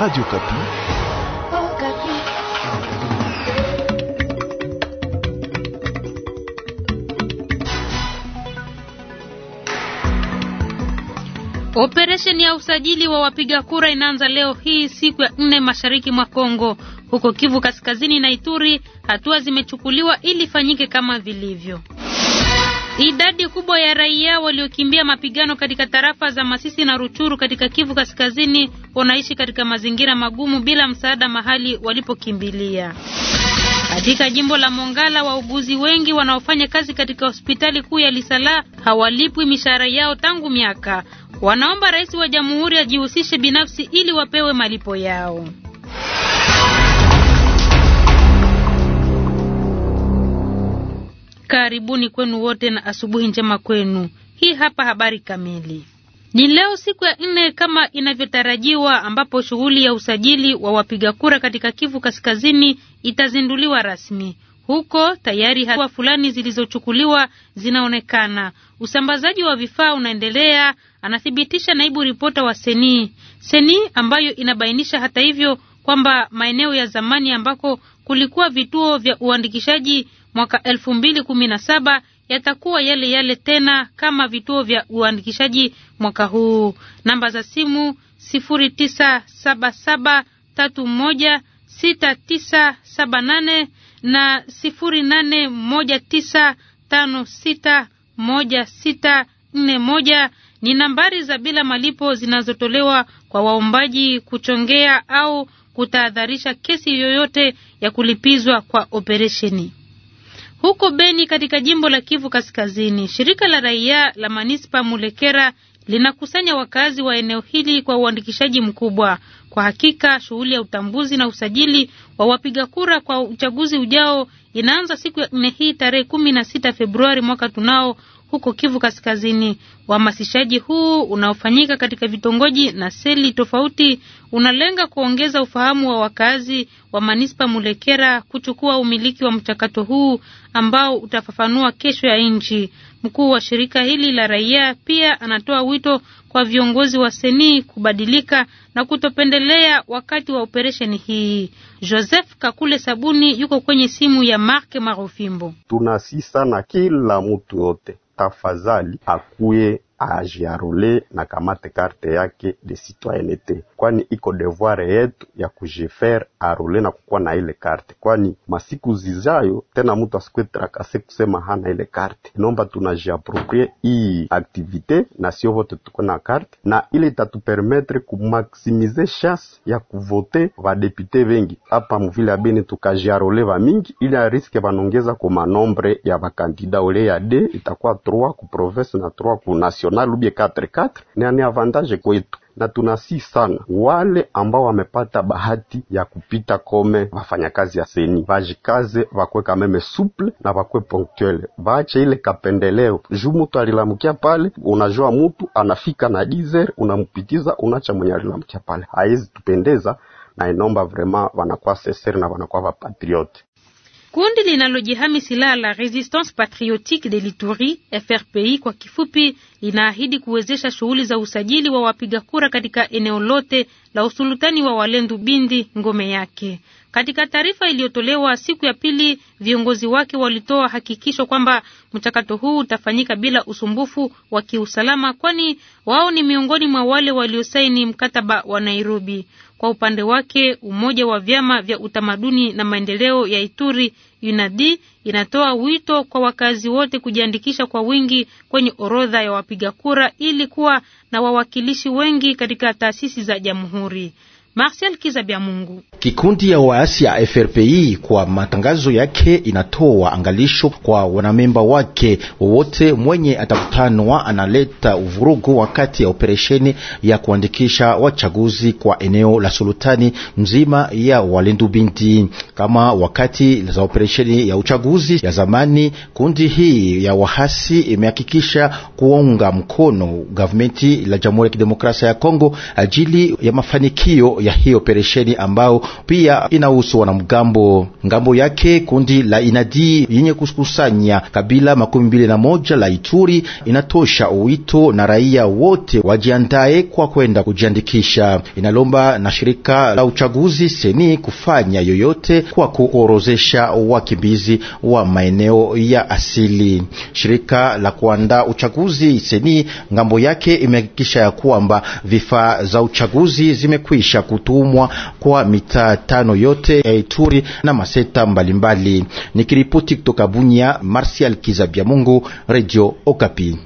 Radio Kapi. Oh, Kapi. Operesheni ya usajili wa wapiga kura inaanza leo hii siku ya nne mashariki mwa Kongo. Huko Kivu Kaskazini na Ituri, hatua zimechukuliwa ili fanyike kama vilivyo. Idadi kubwa ya raia waliokimbia mapigano katika tarafa za Masisi na Ruchuru katika Kivu Kaskazini wanaishi katika mazingira magumu bila msaada mahali walipokimbilia. Katika jimbo la Mongala, wauguzi wengi wanaofanya kazi katika hospitali kuu ya Lisala hawalipwi mishahara yao tangu miaka. Wanaomba rais wa jamhuri ajihusishe binafsi ili wapewe malipo yao. Karibuni kwenu wote na asubuhi njema kwenu. Hii hapa habari kamili. Ni leo siku ya nne kama inavyotarajiwa, ambapo shughuli ya usajili wa wapiga kura katika Kivu Kaskazini itazinduliwa rasmi. Huko tayari hatua fulani zilizochukuliwa zinaonekana. Usambazaji wa vifaa unaendelea, anathibitisha naibu ripota wa Seni. Seni ambayo inabainisha hata hivyo kwamba maeneo ya zamani ambako kulikuwa vituo vya uandikishaji mwaka elfu mbili kumi na saba yatakuwa yale yale tena kama vituo vya uandikishaji mwaka huu. Namba za simu sifuri tisa saba saba tatu moja sita tisa saba nane na sifuri nane moja tisa tano sita moja sita nne moja ni nambari za bila malipo zinazotolewa kwa waombaji kuchongea au kutahadharisha kesi yoyote ya kulipizwa kwa operesheni. Huko Beni katika jimbo la Kivu Kaskazini, shirika la raia la manispa Mulekera linakusanya wakazi wa eneo hili kwa uandikishaji mkubwa. Kwa hakika, shughuli ya utambuzi na usajili wa wapiga kura kwa uchaguzi ujao inaanza siku ya nne hii tarehe kumi na sita Februari mwaka tunao huko Kivu Kaskazini. Uhamasishaji huu unaofanyika katika vitongoji na seli tofauti unalenga kuongeza ufahamu wa wakazi wa manispa Mulekera kuchukua umiliki wa mchakato huu ambao utafafanua kesho ya nchi. Mkuu wa shirika hili la raia pia anatoa wito kwa viongozi wa seni kubadilika na kutopendelea wakati wa operesheni hii. Joseph Kakule Sabuni yuko kwenye simu ya Mark Marofimbo. Tunasisa na kila mtu yote tafadhali akuwe ajiarole na kamate karte yake de citoyenete, kwani iko devoir yetu ya kujifer arole na kukuwa na ile karte, kwani masiku zizayo tena mtu asikwe trakase kusema hana ile karte. nomba tunajiaproprie hii aktivite na sio vote tuko na karte, na ile itatupermetre kumaksimize chance ya kuvote vadepute vengi hapa muvile ya Beni, tukajiarole va mingi ili ariske vanongeza ku manombre ya vakandida ole ya de itakuwa 3 ku province na 3 ku national national ubie 44 na ni avantage kwetu, na tunasi sana wale ambao wamepata bahati ya kupita kome wafanyakazi ya seni, vajikaze vakwe kameme suple na vakwe ponktuele vache ile kapendeleo juu mutu alilamukia pale. Unajua mutu anafika na dizer, unampitiza unacha mwenye alilamukia pale, haizi tupendeza na inomba vrema, wanakuwa seseri na wanakuwa vapatriote. Kundi linalojihami silaha la Resistance Patriotique de Lituri FRPI kwa kifupi linaahidi kuwezesha shughuli za usajili wa wapiga kura katika eneo lote la usultani wa Walendu Bindi ngome yake. Katika taarifa iliyotolewa siku ya pili, viongozi wake walitoa hakikisho kwamba mchakato huu utafanyika bila usumbufu wa kiusalama, kwani wao ni miongoni mwa wale waliosaini mkataba wa Nairobi. Kwa upande wake, umoja wa vyama vya utamaduni na maendeleo ya Ituri UNADI inatoa wito kwa wakazi wote kujiandikisha kwa wingi kwenye orodha ya wapiga kura ili kuwa na wawakilishi wengi katika taasisi za jamhuri. Marcel Mungu. Kikundi ya waasi ya FRPI kwa matangazo yake inatoa angalisho kwa wanamemba wake wowote mwenye atakutanwa analeta uvurugu wakati ya operesheni ya kuandikisha wachaguzi kwa eneo la Sultani mzima ya Walendu Binti, kama wakati za operesheni ya uchaguzi ya zamani. Kundi hii ya wahasi imehakikisha kuunga mkono gavumenti la Jamhuri ya Kidemokrasia ya Kongo ajili ya mafanikio ya hii operesheni ambao pia inahusu wanamgambo. Ngambo yake kundi la inadi yenye kukusanya kabila makumi mbili na moja la Ituri inatosha uwito na raia wote wajiandae kwa kwenda kujiandikisha. Inalomba na shirika la uchaguzi seni kufanya yoyote kwa kuorozesha wakimbizi wa maeneo ya asili. Shirika la kuandaa uchaguzi seni ngambo yake imehakikisha ya kwamba vifaa za uchaguzi zimekwisha kutumwa kwa mitaa tano yote ya Ituri na maseta mbalimbali. Nikiripoti kutoka Bunia, Martial Kizabya Mungu, Radio Okapi.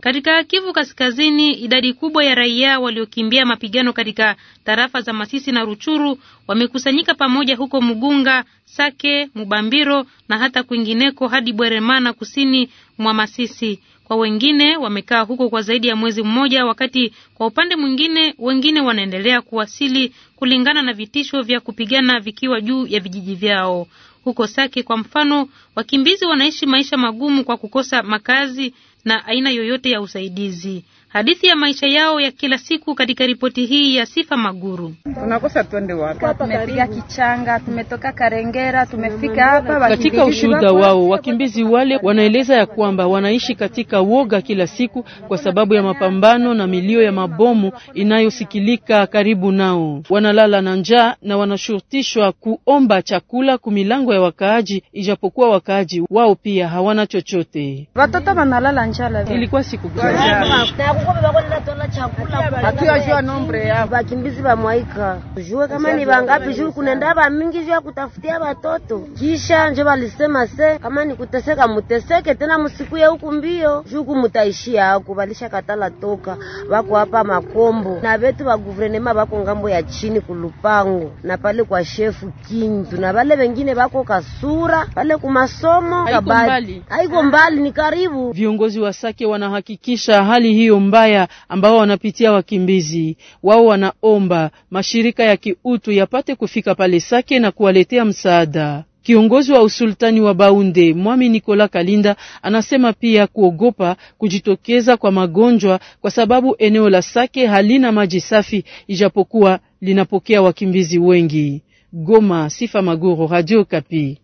Katika Kivu Kaskazini, idadi kubwa ya raia waliokimbia mapigano katika tarafa za Masisi na Ruchuru wamekusanyika pamoja huko Mugunga, Sake, Mubambiro na hata kwingineko hadi Bweremana kusini mwa Masisi. Kwa wengine wamekaa huko kwa zaidi ya mwezi mmoja, wakati kwa upande mwingine wengine wanaendelea kuwasili kulingana na vitisho vya kupigana vikiwa juu ya vijiji vyao. Huko Sake kwa mfano, wakimbizi wanaishi maisha magumu kwa kukosa makazi na aina yoyote ya usaidizi hadithi ya maisha yao ya kila siku katika ripoti hii ya Sifa Maguru. Tunakosa twende wapi? Tumepiga kichanga, tumetoka Karengera, tumefika hapa. Katika ushuhuda wao, wakimbizi wale wanaeleza ya kwamba wanaishi katika woga kila siku kwa sababu ya mapambano na milio ya mabomu inayosikilika karibu nao. Wanalala na njaa na wanashurutishwa kuomba chakula kumilango ya wakaaji, ijapokuwa wakaaji wao pia hawana chochote. Watoto wanalala njala. Ilikuwa siku gani? akiwashua nombre yao bakimbizi bamwaika jue kama ni bangapi juu kunenda ba mingi juu ya kutafutia batoto kisha njo balisema se kama ni kuteseka muteseke tena musikuye huku mbio juu kumutaishia ako balisha katala toka bako hapa makombo na betu ba guvernema bako ngambo ya chini kulupango na pale kwa shefu kintu na bale bengine bako kasura pale kumasomo haiko mbali, mbali ni karibu viongozi wa Sake wanahakikisha hali hiyo mbaya ambao wanapitia wakimbizi. Wao wanaomba mashirika ya kiutu yapate kufika pale Sake na kuwaletea msaada. Kiongozi wa usultani wa Baunde Mwami Nikola Kalinda anasema pia kuogopa kujitokeza kwa magonjwa kwa sababu eneo la Sake halina maji safi ijapokuwa linapokea wakimbizi wengi. Goma, Sifa Maguru, Radio Kapi.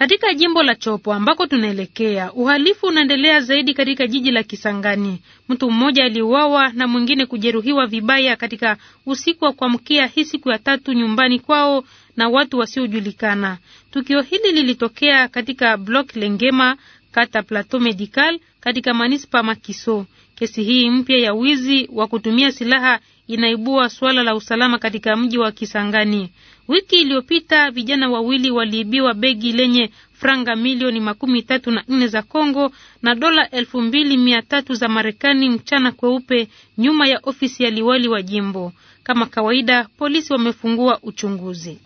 Katika jimbo la Chopo ambako tunaelekea, uhalifu unaendelea zaidi katika jiji la Kisangani. Mtu mmoja aliuawa na mwingine kujeruhiwa vibaya katika usiku wa kuamkia hii siku ya tatu nyumbani kwao na watu wasiojulikana. Tukio hili lilitokea katika Blok Lengema, kata Plateau Medical, katika manispa Makiso. Kesi hii mpya ya wizi wa kutumia silaha inaibua suala la usalama katika mji wa Kisangani. Wiki iliyopita vijana wawili waliibiwa begi lenye franga milioni makumi tatu na nne za Congo na dola elfu mbili mia tatu za Marekani mchana kweupe nyuma ya ofisi ya liwali wa jimbo. Kama kawaida, polisi wamefungua uchunguzi.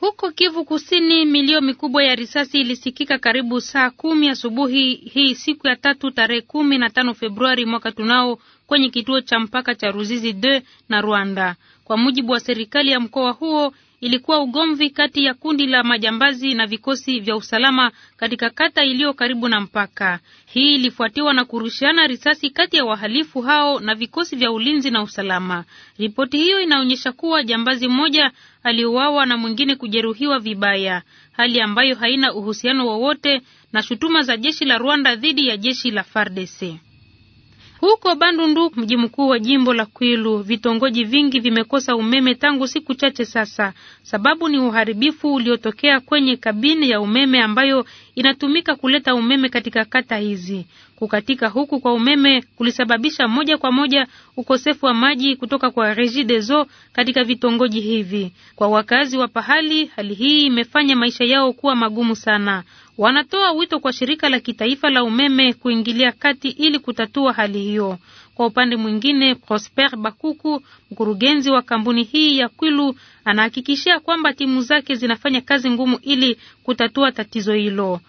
Huko Kivu Kusini, milio mikubwa ya risasi ilisikika karibu saa kumi asubuhi hii siku ya tatu tarehe kumi na tano Februari mwaka tunao kwenye kituo cha mpaka cha Ruzizi 2 na Rwanda, kwa mujibu wa serikali ya mkoa huo ilikuwa ugomvi kati ya kundi la majambazi na vikosi vya usalama katika kata iliyo karibu na mpaka. Hii ilifuatiwa na kurushiana risasi kati ya wahalifu hao na vikosi vya ulinzi na usalama. Ripoti hiyo inaonyesha kuwa jambazi mmoja aliuawa na mwingine kujeruhiwa vibaya, hali ambayo haina uhusiano wowote na shutuma za jeshi la Rwanda dhidi ya jeshi la FARDC. Huko Bandundu, mji mkuu wa jimbo la Kwilu, vitongoji vingi vimekosa umeme tangu siku chache sasa. Sababu ni uharibifu uliotokea kwenye kabini ya umeme ambayo inatumika kuleta umeme katika kata hizi. Kukatika huku kwa umeme kulisababisha moja kwa moja ukosefu wa maji kutoka kwa Regideso katika vitongoji hivi. Kwa wakazi wa pahali, hali hii imefanya maisha yao kuwa magumu sana. Wanatoa wito kwa shirika la kitaifa la umeme kuingilia kati ili kutatua hali hiyo. Kwa upande mwingine, Prosper Bakuku, mkurugenzi wa kampuni hii ya Kwilu, anahakikishia kwamba timu zake zinafanya kazi ngumu ili kutatua tatizo hilo.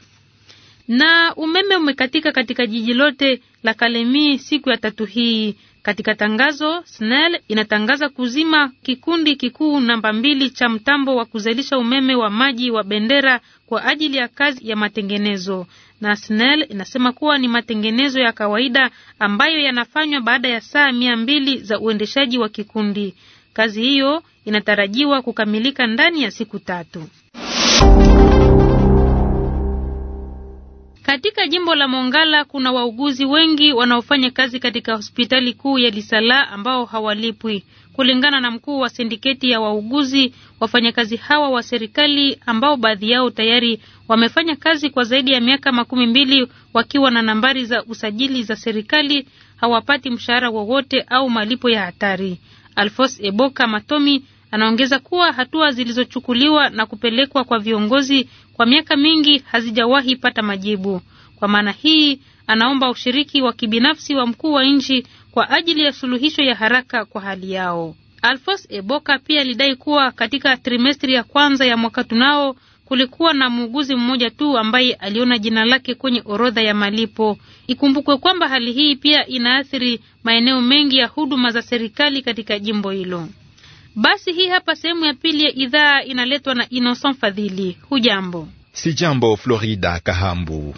Na umeme umekatika katika jiji lote la Kalemi siku ya tatu hii. Katika tangazo, SNEL inatangaza kuzima kikundi kikuu namba mbili cha mtambo wa kuzalisha umeme wa maji wa Bendera kwa ajili ya kazi ya matengenezo. Na SNEL inasema kuwa ni matengenezo ya kawaida ambayo yanafanywa baada ya saa mia mbili za uendeshaji wa kikundi. Kazi hiyo inatarajiwa kukamilika ndani ya siku tatu. Katika jimbo la Mongala kuna wauguzi wengi wanaofanya kazi katika hospitali kuu ya Lisala ambao hawalipwi. Kulingana na mkuu wa sindiketi ya wauguzi, wafanyakazi hawa wa serikali ambao baadhi yao tayari wamefanya kazi kwa zaidi ya miaka makumi mbili wakiwa na nambari za usajili za serikali hawapati mshahara wowote au malipo ya hatari. Alfos Eboka Matomi anaongeza kuwa hatua zilizochukuliwa na kupelekwa kwa viongozi kwa miaka mingi hazijawahi pata majibu. Kwa maana hii, anaomba ushiriki wa kibinafsi wa mkuu wa nchi kwa ajili ya suluhisho ya haraka kwa hali yao. Alfos Eboka pia alidai kuwa katika trimestri ya kwanza ya mwaka tunao kulikuwa na muuguzi mmoja tu ambaye aliona jina lake kwenye orodha ya malipo. Ikumbukwe kwamba hali hii pia inaathiri maeneo mengi ya huduma za serikali katika jimbo hilo. Basi hii hapa sehemu ya pili ya idhaa inaletwa na Innocent Fadhili. Hujambo? Si jambo, Florida Kahambu.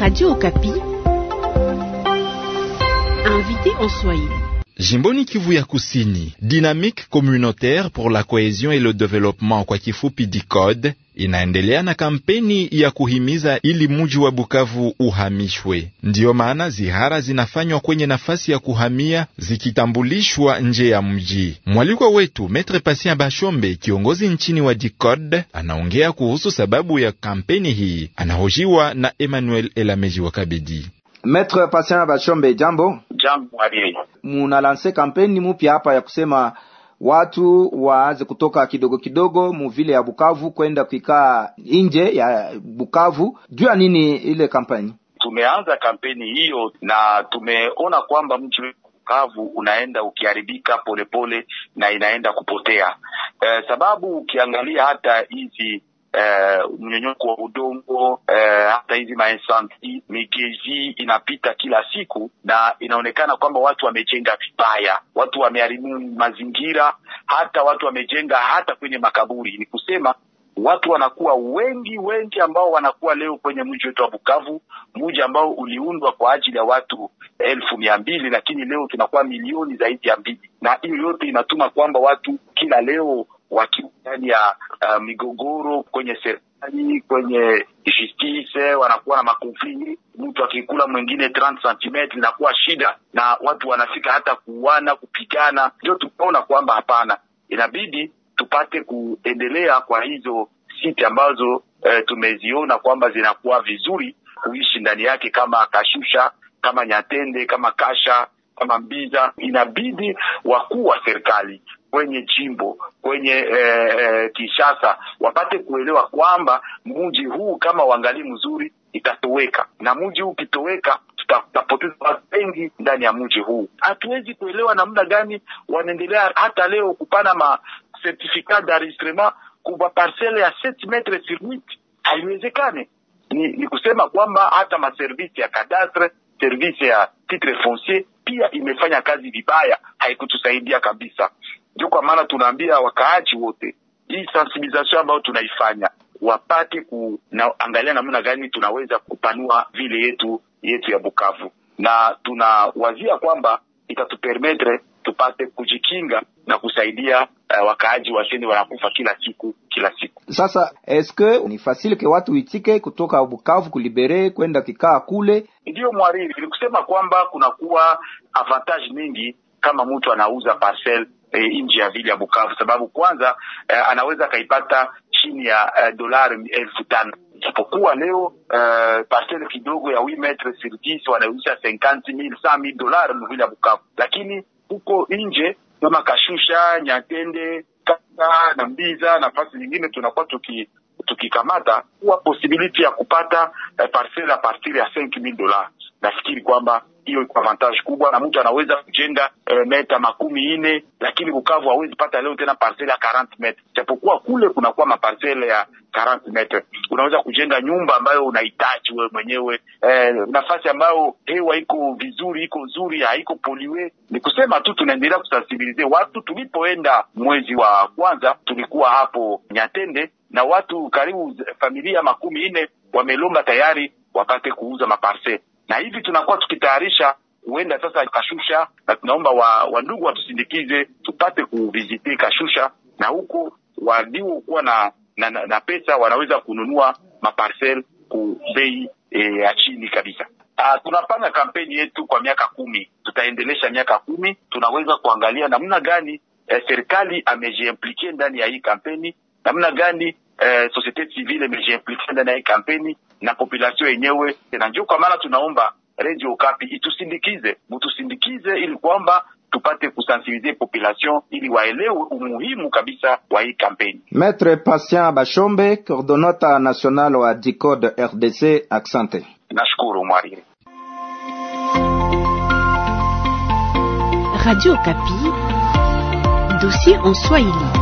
Radio Invité en Swahili. Jimboni Kivu ya Kusini, Dynamique Communautaire pour la Cohesion et le Développement, kwa kifupi DICODE, inaendelea na kampeni ya kuhimiza ili muji wa Bukavu uhamishwe. Ndiyo maana zihara zinafanywa kwenye nafasi ya kuhamia zikitambulishwa nje ya mji. Mwalikwa wetu Metre Pasien Bashombe, kiongozi nchini wa DICOD, anaongea kuhusu sababu ya kampeni hii. Anahojiwa na Emmanuel Elameji wa Kabedi. Metre Pasien Bashombe, jambo jambo. Muna lanse kampeni mupya hapa ya kusema watu waanze kutoka kidogo kidogo muvile ya Bukavu kwenda kuikaa nje ya Bukavu. Juu ya nini ile kampeni? Tumeanza kampeni hiyo na tumeona kwamba mji Bukavu unaenda ukiharibika polepole na inaenda kupotea eh, sababu ukiangalia hata hizi Eh, mnyonyoko wa udongo eh, hata hizi maesanti migezi inapita kila siku, na inaonekana kwamba watu wamejenga vibaya, watu wameharibu mazingira, hata watu wamejenga hata kwenye makaburi. Ni kusema watu wanakuwa wengi wengi ambao wanakuwa leo kwenye mji wetu wa Bukavu, mji ambao uliundwa kwa ajili ya watu elfu mia mbili lakini leo tunakuwa milioni zaidi ya mbili, na hiyo yote inatuma kwamba watu kila leo wakiani ya uh, migogoro kwenye serikali, kwenye justice, wanakuwa na makonfli. Mtu akikula mwingine 30 cm inakuwa shida, na watu wanafika hata kuuana, kupigana. Ndio tukaona kwamba hapana, inabidi tupate kuendelea kwa hizo siti ambazo eh, tumeziona kwamba zinakuwa vizuri kuishi ndani yake, kama Kashusha, kama Nyatende, kama Kasha, kama Mbiza. Inabidi wakuu wa serikali kwenye jimbo kwenye e, Kinshasa wapate kuelewa kwamba mji huu kama wangali mzuri itatoweka, na mji huu ukitoweka tutapoteza watu wengi ndani ya mji huu. Hatuwezi kuelewa namna gani wanaendelea hata leo kupana ma certificat d'enregistrement kuba parcele ya 7 metre sur 8 haiwezekane. Ni, ni kusema kwamba hata maservisi ya kadastre servisi ya titre foncier pia imefanya kazi vibaya, haikutusaidia kabisa. Ndio kwa maana tunaambia wakaaji wote, hii sensibilisation ambayo tunaifanya wapate kuangalia namna gani tunaweza kupanua vile yetu yetu ya Bukavu, na tunawazia kwamba itatupermetre tupate kujikinga na kusaidia uh, wakaaji wasini wanakufa kila siku kila siku. Sasa eske ni fasile ke watu itike kutoka Bukavu kulibere kwenda kikaa kule? Ndiyo mwariri, ni kusema kwamba kunakuwa avantage mingi kama mtu anauza parcel e, eh, nje ya vile ya Bukavu, sababu kwanza e, anaweza akaipata chini ya e, dolari elfu tano isipokuwa leo uh, parcel kidogo ya 8 metre sur 10 wanauzisha 50000 100000 dollars mvile ya Bukavu, lakini huko nje kama Kashusha, Nyatende, Kata na Mbiza nafasi nyingine tunakuwa tuki tukikamata huwa posibiliti ya kupata uh, parcel ya partir ya 5000 dollars. Nafikiri kwamba hiyo iko avantage kubwa, na mtu anaweza kujenga e, meta makumi ine, lakini Bukavu hawezi pata leo tena parcel ya 40 metre, japokuwa kule kunakuwa maparcel ya 40 metre. Unaweza kujenga nyumba ambayo unahitaji wewe mwenyewe e, nafasi ambayo hewa iko vizuri, iko nzuri, haiko poliwe. Ni kusema tu tunaendelea kusensibilize watu. Tulipoenda mwezi wa kwanza, tulikuwa hapo Nyatende na watu karibu familia makumi ine wamelomba tayari wapate kuuza maparcel na hivi tunakuwa tukitayarisha huenda sasa Kashusha, na tunaomba wa, wandugu watusindikize tupate kuviziti Kashusha, na huko waliokuwa na, na, na, na pesa wanaweza kununua maparcel ku bei e, ya chini kabisa. Uh, tunapanga kampeni yetu kwa miaka kumi, tutaendelesha miaka kumi. Tunaweza kuangalia namna gani eh, serikali amejiimplike ndani ya hii kampeni, namna gani eh, societe civile imejiimplika ndani ya kampeni na population yenyewe, na ndio kwa maana tunaomba Radio Okapi itusindikize, mutusindikize ili kwamba tupate kusensibilize population ili waelewe umuhimu kabisa wa hii kampeni. Maître Patient Bashombe, coordonata national wa DICODE RDC. Aksante, nashukuru mwariri. Radio Okapi, dossier en Swahili.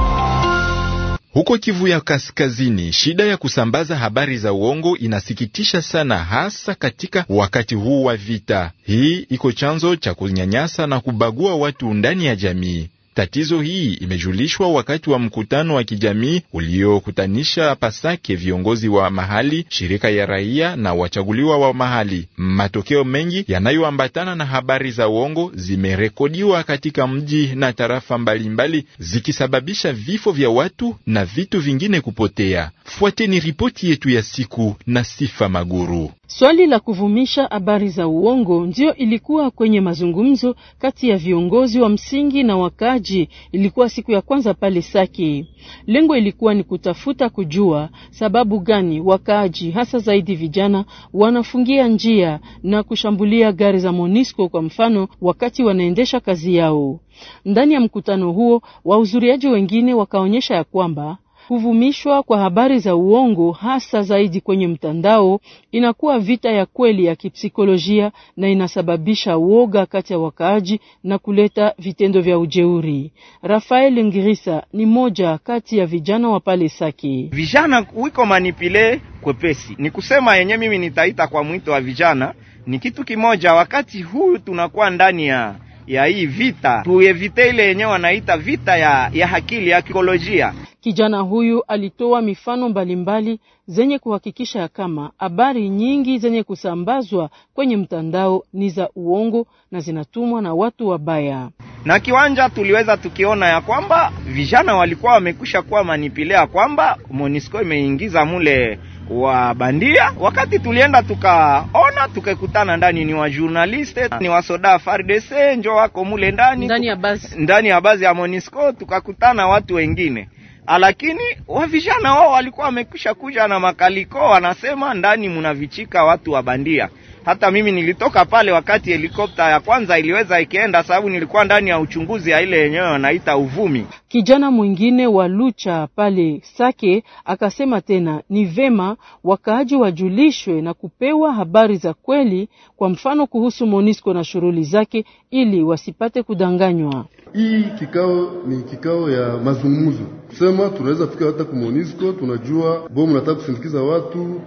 Huko Kivu ya Kaskazini, shida ya kusambaza habari za uongo inasikitisha sana, hasa katika wakati huu wa vita. Hii iko chanzo cha kunyanyasa na kubagua watu ndani ya jamii. Tatizo hii imejulishwa wakati wa mkutano wa kijamii uliokutanisha Pasake viongozi wa mahali, shirika ya raia na wachaguliwa wa mahali. Matokeo mengi yanayoambatana na habari za uongo zimerekodiwa katika mji na tarafa mbalimbali, zikisababisha vifo vya watu na vitu vingine kupotea. Fuateni ripoti yetu ya siku na Sifa Maguru. Swali la kuvumisha habari za uongo ndiyo ilikuwa kwenye mazungumzo kati ya viongozi wa msingi na wakaji. Ilikuwa siku ya kwanza pale saki Lengo ilikuwa ni kutafuta kujua sababu gani wakaaji, hasa zaidi vijana, wanafungia njia na kushambulia gari za Monisco kwa mfano, wakati wanaendesha kazi yao. Ndani ya mkutano huo, wahudhuriaji wengine wakaonyesha ya kwamba Kuvumishwa kwa habari za uongo hasa zaidi kwenye mtandao inakuwa vita ya kweli ya kipsikolojia na inasababisha woga kati ya wakaaji na kuleta vitendo vya ujeuri. Rafael Ngirisa ni moja kati ya vijana wa pale Sake. Vijana wiko manipile kwepesi, ni kusema yenye mimi nitaita kwa mwito wa vijana ni kitu kimoja. Wakati huu tunakuwa ndani ya ya hii vita, tuevite ile yenye wanaita vita ya, ya akili ya kikolojia. Kijana huyu alitoa mifano mbalimbali mbali zenye kuhakikisha ya kama habari nyingi zenye kusambazwa kwenye mtandao ni za uongo na zinatumwa na watu wabaya. Na kiwanja tuliweza tukiona ya kwamba vijana walikuwa wamekwisha kuwa manipilea kwamba Monisco imeingiza mule wa bandia. Wakati tulienda tukaona, tukakutana ndani ni wa journaliste ni wa soda FARDC njo wako mule ndani ndani ya basi ndani ya basi ya Monisco, tukakutana watu wengine ah, lakini wavijana wao walikuwa wamekwisha kuja na makaliko, wanasema ndani mnavichika watu wa bandia. Hata mimi nilitoka pale wakati helikopta ya kwanza iliweza ikienda, sababu nilikuwa ndani ya uchunguzi ya ile yenyewe wanaita uvumi. Kijana mwingine wa Lucha pale Sake akasema tena ni vema wakaaji wajulishwe na kupewa habari za kweli, kwa mfano kuhusu Monisco na shughuli zake, ili wasipate kudanganywa. Hii kikao ni kikao ya mazungumzo, sema tunaweza fika hata ku Monisco, tunajua bomu nataka kusindikiza watu,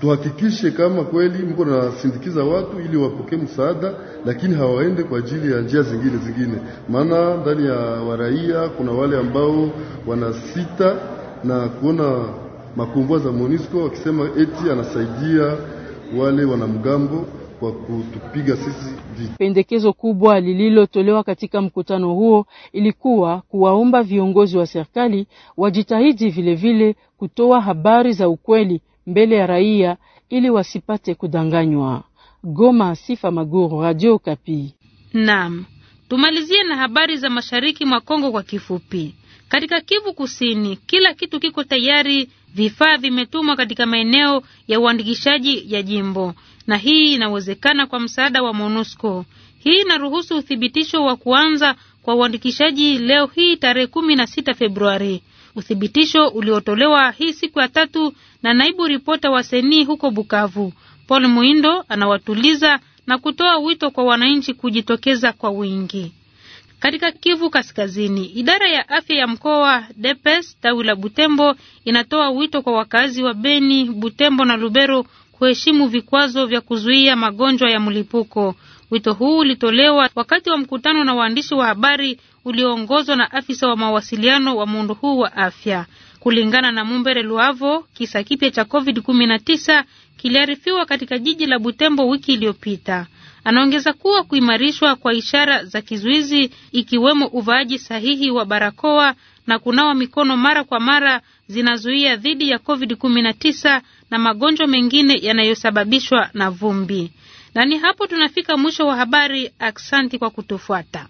tuhakikishe kama kweli mko na wanasindikiza watu ili wapokee msaada, lakini hawaende kwa ajili ya njia zingine zingine. Maana ndani ya waraia kuna wale ambao wanasita na kuona makombwa za Monisco wakisema eti anasaidia wale wanamgambo kwa kutupiga sisi vita. Pendekezo kubwa lililotolewa katika mkutano huo ilikuwa kuwaomba viongozi wa serikali wajitahidi vilevile kutoa habari za ukweli mbele ya raia ili wasipate kudanganywa. Goma, Sifa Maguru, Radio Kapi. Naam, tumalizie na habari za mashariki mwa Kongo kwa kifupi. Katika Kivu Kusini, kila kitu kiko tayari, vifaa vimetumwa katika maeneo ya uandikishaji ya jimbo, na hii inawezekana kwa msaada wa MONUSCO. Hii inaruhusu uthibitisho wa kuanza kwa uandikishaji leo hii tarehe kumi na sita Februari uthibitisho uliotolewa hii siku ya tatu na naibu ripota wa seni huko Bukavu. Paul Muindo anawatuliza na kutoa wito kwa wananchi kujitokeza kwa wingi. Katika Kivu Kaskazini, idara ya afya ya mkoa Depes tawi la Butembo inatoa wito kwa wakazi wa Beni, Butembo na Lubero kuheshimu vikwazo vya kuzuia magonjwa ya mlipuko. Wito huu ulitolewa wakati wa mkutano na waandishi wa habari ulioongozwa na afisa wa mawasiliano wa muundo huu wa afya. Kulingana na Mumbere Luavo, kisa kipya cha COVID-19 kiliarifiwa katika jiji la Butembo wiki iliyopita. Anaongeza kuwa kuimarishwa kwa ishara za kizuizi ikiwemo uvaaji sahihi wa barakoa na kunawa mikono mara kwa mara zinazuia dhidi ya COVID-19 na magonjwa mengine yanayosababishwa na vumbi. Na ni hapo tunafika mwisho wa habari. Aksanti kwa kutufuata.